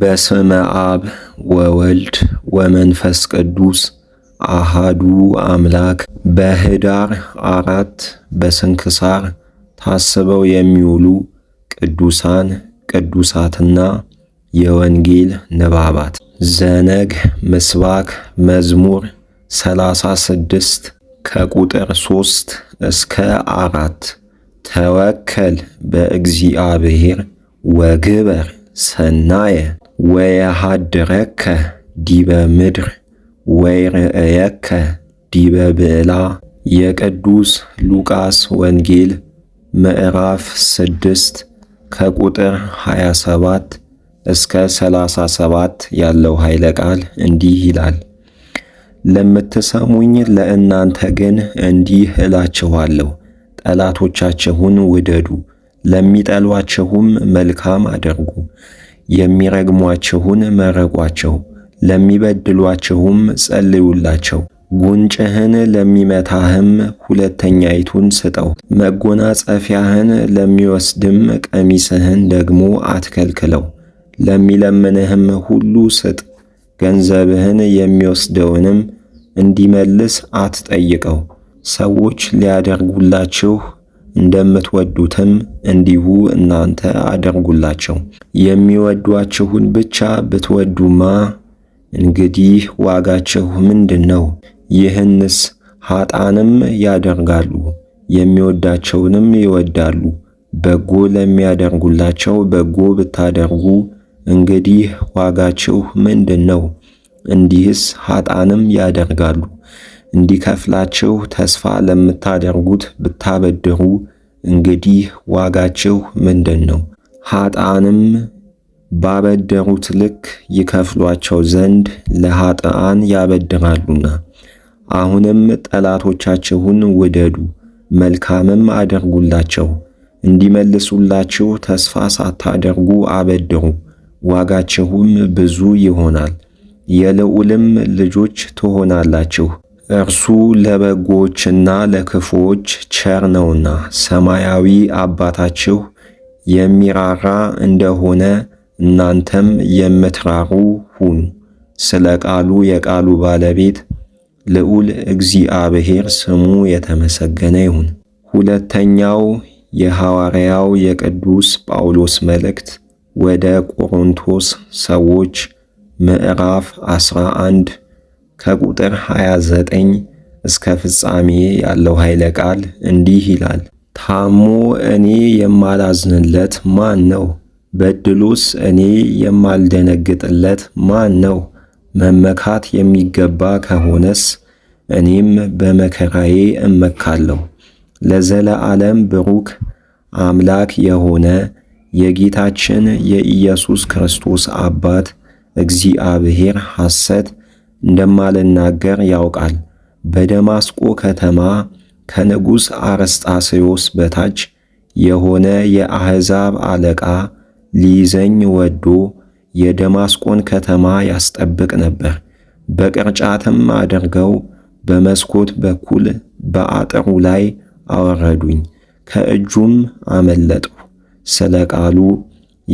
በስመ አብ ወወልድ ወመንፈስ ቅዱስ አሃዱ አምላክ። በኅዳር አራት በስንክሳር ታስበው የሚውሉ ቅዱሳን ቅዱሳትና የወንጌል ንባባት ዘነግ ምስባክ መዝሙር 36 ከቁጥር 3 እስከ አራት ተወከል በእግዚአብሔር ወግበር ሰናየ ወየሃድረከ ዲበ ምድር ወይርእየከ ዲበ ብዕላ። የቅዱስ ሉቃስ ወንጌል ምዕራፍ ስድስት ከቁጥር 27 እስከ 37 ያለው ኃይለ ቃል እንዲህ ይላል። ለምትሰሙኝ ለእናንተ ግን እንዲህ እላችኋለሁ፣ ጠላቶቻችሁን ውደዱ፣ ለሚጠሏችሁም መልካም አድርጉ የሚረግሟችሁን መረቋቸው፣ ለሚበድሏችሁም ጸልዩላቸው። ጉንጭህን ለሚመታህም ሁለተኛይቱን ስጠው፣ መጎናጸፊያህን ለሚወስድም ቀሚስህን ደግሞ አትከልክለው። ለሚለምንህም ሁሉ ስጥ፣ ገንዘብህን የሚወስደውንም እንዲመልስ አትጠይቀው። ሰዎች ሊያደርጉላችሁ እንደምትወዱትም እንዲሁ እናንተ አድርጉላቸው። የሚወዷችሁን ብቻ ብትወዱማ እንግዲህ ዋጋችሁ ምንድን ነው? ይህንስ ኃጣንም ያደርጋሉ፣ የሚወዳቸውንም ይወዳሉ። በጎ ለሚያደርጉላቸው በጎ ብታደርጉ እንግዲህ ዋጋችሁ ምንድን ነው? እንዲህስ ኃጣንም ያደርጋሉ እንዲከፍላችሁ ተስፋ ለምታደርጉት ብታበድሩ እንግዲህ ዋጋችሁ ምንድን ነው? ኃጥአንም ባበደሩት ልክ ይከፍሏቸው ዘንድ ለኃጥአን ያበድራሉና። አሁንም ጠላቶቻችሁን ውደዱ፣ መልካምም አድርጉላቸው፣ እንዲመልሱላችሁ ተስፋ ሳታደርጉ አበድሩ፣ ዋጋችሁም ብዙ ይሆናል፣ የልዑልም ልጆች ትሆናላችሁ። እርሱ ለበጎችና ለክፉዎች ቸር ነውና ሰማያዊ አባታችሁ የሚራራ እንደሆነ እናንተም የምትራሩ ሁኑ። ስለ ቃሉ የቃሉ ባለቤት ልዑል እግዚአብሔር ስሙ የተመሰገነ ይሁን። ሁለተኛው የሐዋርያው የቅዱስ ጳውሎስ መልእክት ወደ ቆሮንቶስ ሰዎች ምዕራፍ 11 ከቁጥር 29 እስከ ፍጻሜ ያለው ኃይለ ቃል እንዲህ ይላል። ታሞ እኔ የማላዝንለት ማን ነው? በድሎስ እኔ የማልደነግጥለት ማን ነው? መመካት የሚገባ ከሆነስ እኔም በመከራዬ እመካለሁ። ለዘለዓለም ብሩክ አምላክ የሆነ የጌታችን የኢየሱስ ክርስቶስ አባት እግዚአብሔር ሐሰት እንደማልናገር ያውቃል። በደማስቆ ከተማ ከንጉሥ አርስጣሴዎስ በታች የሆነ የአሕዛብ አለቃ ሊይዘኝ ወዶ የደማስቆን ከተማ ያስጠብቅ ነበር። በቅርጫትም አድርገው በመስኮት በኩል በአጥሩ ላይ አወረዱኝ። ከእጁም አመለጥሁ። ስለ ቃሉ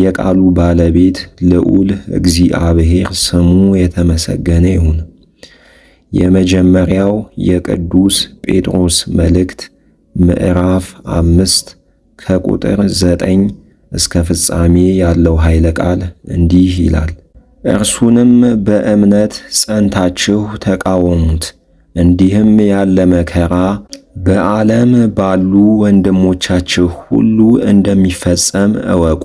የቃሉ ባለቤት ልዑል እግዚአብሔር ስሙ የተመሰገነ ይሁን። የመጀመሪያው የቅዱስ ጴጥሮስ መልእክት ምዕራፍ አምስት ከቁጥር ዘጠኝ እስከ ፍጻሜ ያለው ኃይለ ቃል እንዲህ ይላል። እርሱንም በእምነት ጸንታችሁ ተቃወሙት። እንዲህም ያለ መከራ በዓለም ባሉ ወንድሞቻችሁ ሁሉ እንደሚፈጸም እወቁ።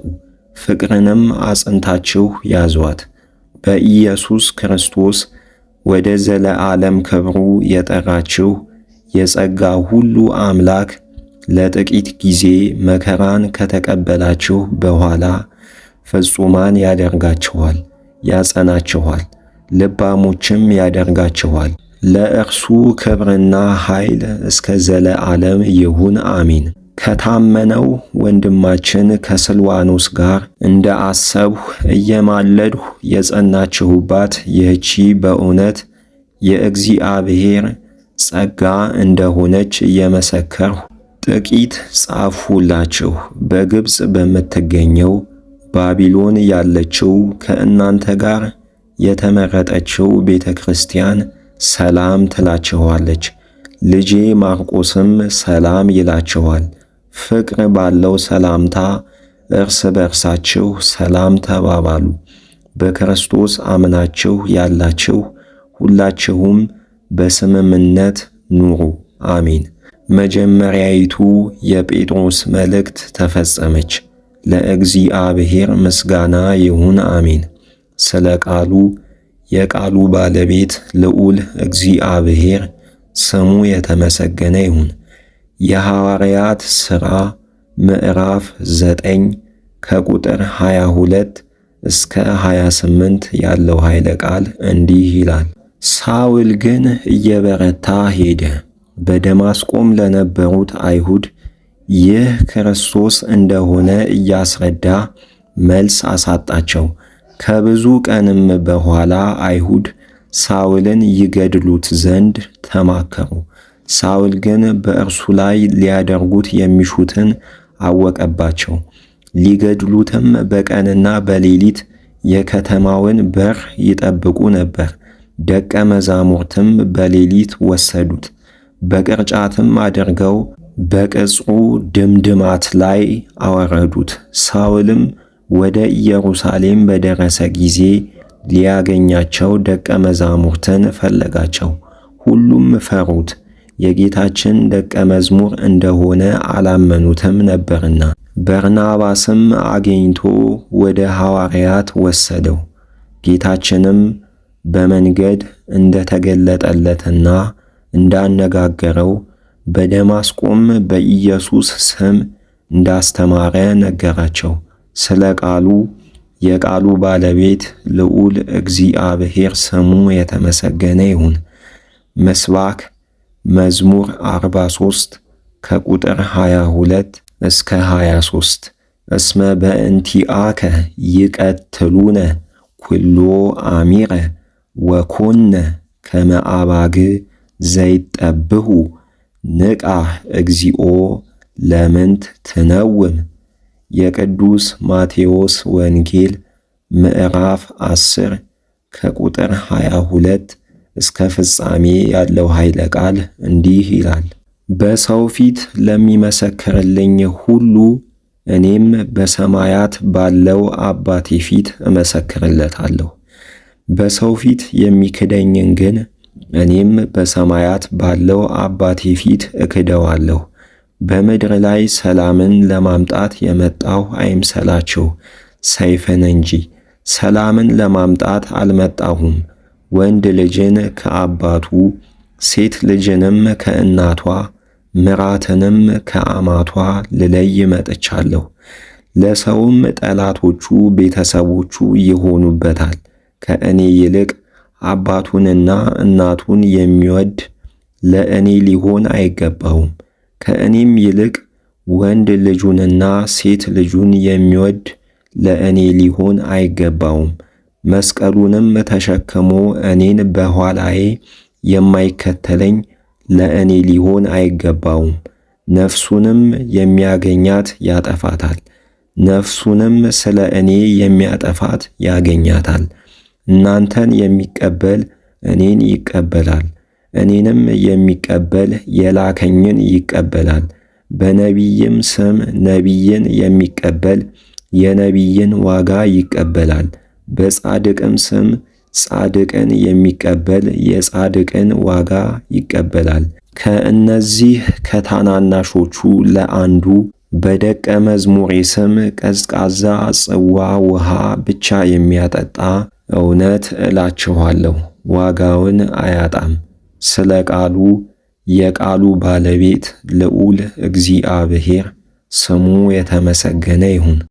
ፍቅርንም አጽንታችሁ ያዟት። በኢየሱስ ክርስቶስ ወደ ዘለዓለም ክብሩ የጠራችሁ የጸጋ ሁሉ አምላክ ለጥቂት ጊዜ መከራን ከተቀበላችሁ በኋላ ፍጹማን ያደርጋችኋል፣ ያጸናችኋል፣ ልባሞችም ያደርጋችኋል። ለእርሱ ክብርና ኃይል እስከ ዘለዓለም ይሁን፣ አሚን። ከታመነው ወንድማችን ከስልዋኖስ ጋር እንደ አሰብሁ እየማለድሁ የጸናችሁባት ይህቺ በእውነት የእግዚአብሔር ጸጋ እንደሆነች እየመሰከርሁ ጥቂት ጻፍሁላችሁ። በግብፅ በምትገኘው ባቢሎን ያለችው ከእናንተ ጋር የተመረጠችው ቤተ ክርስቲያን ሰላም ትላችኋለች። ልጄ ማርቆስም ሰላም ይላችኋል። ፍቅር ባለው ሰላምታ እርስ በርሳችሁ ሰላም ተባባሉ። በክርስቶስ አምናችሁ ያላችሁ ሁላችሁም በስምምነት ኑሩ። አሚን። መጀመሪያይቱ የጴጥሮስ መልእክት ተፈጸመች። ለእግዚአብሔር ምስጋና ይሁን አሚን። ስለ ቃሉ የቃሉ ባለቤት ልዑል እግዚአብሔር ስሙ የተመሰገነ ይሁን። የሐዋርያት ሥራ ምዕራፍ 9 ከቁጥር 22 እስከ 28 ያለው ኃይለ ቃል እንዲህ ይላል። ሳውል ግን እየበረታ ሄደ፣ በደማስቆም ለነበሩት አይሁድ ይህ ክርስቶስ እንደሆነ እያስረዳ መልስ አሳጣቸው። ከብዙ ቀንም በኋላ አይሁድ ሳውልን ይገድሉት ዘንድ ተማከሩ። ሳውል ግን በእርሱ ላይ ሊያደርጉት የሚሹትን አወቀባቸው። ሊገድሉትም በቀንና በሌሊት የከተማውን በር ይጠብቁ ነበር። ደቀ መዛሙርትም በሌሊት ወሰዱት፣ በቅርጫትም አድርገው በቅጽሩ ድምድማት ላይ አወረዱት። ሳውልም ወደ ኢየሩሳሌም በደረሰ ጊዜ ሊያገኛቸው ደቀ መዛሙርትን ፈለጋቸው። ሁሉም ፈሩት። የጌታችን ደቀ መዝሙር እንደሆነ አላመኑትም ነበርና። በርናባስም አግኝቶ ወደ ሐዋርያት ወሰደው። ጌታችንም በመንገድ እንደተገለጠለትና እንዳነጋገረው በደማስቆም በኢየሱስ ስም እንዳስተማረ ነገራቸው። ስለ ቃሉ የቃሉ ባለቤት ልዑል እግዚአብሔር ስሙ የተመሰገነ ይሁን። ምስባክ መዝሙር 43 ከቁጥር 22 እስከ 23 እስመ በእንቲአከ ይቀትሉነ ኩሎ አሚረ ወኮነ ከመአባግ ዘይጠብሁ ንቃህ እግዚኦ ለምንት ትነውም። የቅዱስ ማቴዎስ ወንጌል ምዕራፍ 10 ከቁጥር 22 እስከ ፍጻሜ ያለው ኃይለ ቃል እንዲህ ይላል። በሰው ፊት ለሚመሰክርልኝ ሁሉ እኔም በሰማያት ባለው አባቴ ፊት እመሰክርለታለሁ። በሰው ፊት የሚክደኝን ግን እኔም በሰማያት ባለው አባቴ ፊት እክደዋለሁ። በምድር ላይ ሰላምን ለማምጣት የመጣሁ አይምሰላችሁ ሰይፍን እንጂ ሰላምን ለማምጣት አልመጣሁም ወንድ ልጅን ከአባቱ ሴት ልጅንም ከእናቷ ምራትንም ከአማቷ ልለይ መጥቻለሁ። ለሰውም ጠላቶቹ ቤተሰቦቹ ይሆኑበታል። ከእኔ ይልቅ አባቱንና እናቱን የሚወድ ለእኔ ሊሆን አይገባውም። ከእኔም ይልቅ ወንድ ልጁንና ሴት ልጁን የሚወድ ለእኔ ሊሆን አይገባውም። መስቀሉንም ተሸክሞ እኔን በኋላዬ የማይከተለኝ ለእኔ ሊሆን አይገባውም። ነፍሱንም የሚያገኛት ያጠፋታል፣ ነፍሱንም ስለ እኔ የሚያጠፋት ያገኛታል። እናንተን የሚቀበል እኔን ይቀበላል፣ እኔንም የሚቀበል የላከኝን ይቀበላል። በነቢይም ስም ነቢይን የሚቀበል የነቢይን ዋጋ ይቀበላል። በጻድቅም ስም ጻድቅን የሚቀበል የጻድቅን ዋጋ ይቀበላል። ከእነዚህ ከታናናሾቹ ለአንዱ በደቀ መዝሙሬ ስም ቀዝቃዛ ጽዋ ውሃ ብቻ የሚያጠጣ እውነት እላችኋለሁ ዋጋውን አያጣም። ስለ ቃሉ የቃሉ ባለቤት ልዑል እግዚአብሔር ስሙ የተመሰገነ ይሁን።